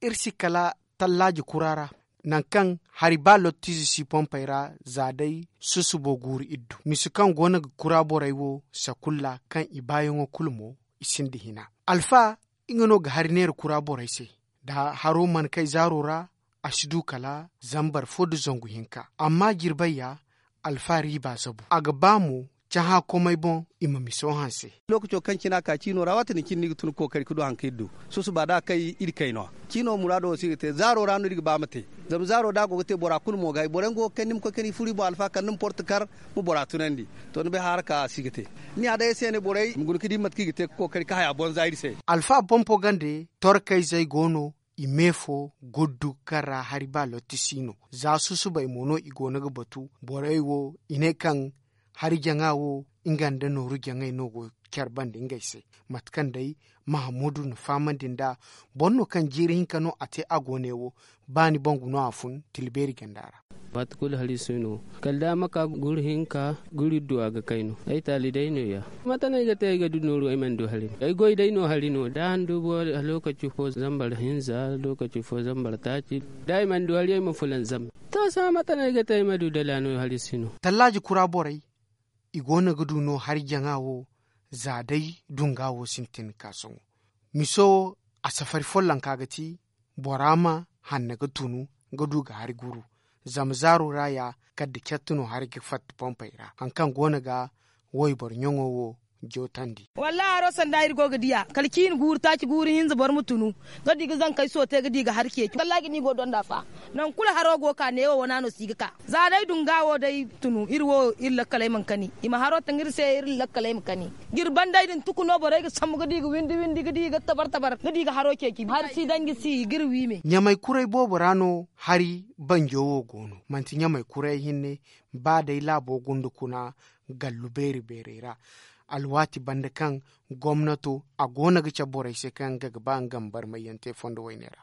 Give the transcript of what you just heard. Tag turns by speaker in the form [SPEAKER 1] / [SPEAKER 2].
[SPEAKER 1] irsi kala tallaji kurara kan hari ba lottisi si pompayra zadai bo guri iddu kura gonaga kuraborai wo sakulla kan wa kulmo isindi hina alfa ga hari kura harinera kuraborai sai da haro man kai zarora asidu kala zambar fodu zongu hinka amma girbayya alfa riba zabu aga bamu caha komai bon ima miso hanse
[SPEAKER 2] lokaco kan cina ka cino rawata ni tun ko kari kudu du susu bada kai ir kai no cino murado sigete zaro ranu dig bamate zam zaro da gogote bora kun mo gai borengo kenim ko keni furi bo alfa kanum port kar mu bora tunandi to be har ka sigete ni ada ese ne borai mun kidi mat kigete ko kari ka haya bon zairi se
[SPEAKER 1] alfa pompo gande tor zai gono imefo goddu kara hariba lotisino za susuba imono igonaga batu boraiwo ine kan har ingan inganda noru go kyar kyarbande ingai se matkan dai mahamudu no din da bonno kan jiri hinka no ate agonewo bani bongu no afun tilberi gandara
[SPEAKER 3] matukul halisuno kalda maka ka guri duwa ga kaino ai tali dai no ya
[SPEAKER 1] mata ne ga tai ga
[SPEAKER 3] dunuru ai man do halin ai goi dai no halino da dan dubo bo lokaci fo zambar hinza lokaci fo zambar taci dai man do hali ai mafulan zam to sa mata ne ga tai madu dalano halisuno
[SPEAKER 1] tallaji kura borai igona gudu no duno har jangawo zadai dungawo sintin kasongo miso a safari follan kagati borama hanna ga tunu ga duga har guru zamzaro raya kadda kettuno har gifat pompaira hankan gona ga woi bor wo jotandi
[SPEAKER 4] wallahi ro sanda ir goga diya kalkin gur ta ki guri hinza bar mutunu gadi ga zan kai so te gadi ga harke ki wallahi ni go don dafa nan kula haro go ka ne wo no siga ka za dai dungawo dai tunu irwo illa kalai man kani ima haro tangir se ir la kalai man kani girban dai din tuku no bare ga sam gadi ga windi windi gadi ga tabar tabar gadi ga haro ke ki har si dangi si gir wi me
[SPEAKER 1] nyamai kurai bo borano hari banjowo gono manti nyamai kurai hinne ba dai labo gundu gundukuna galluberi berera alwati banda kan gwamnato a gona gice borai sai kan gagba gambar mai yante fondo wainera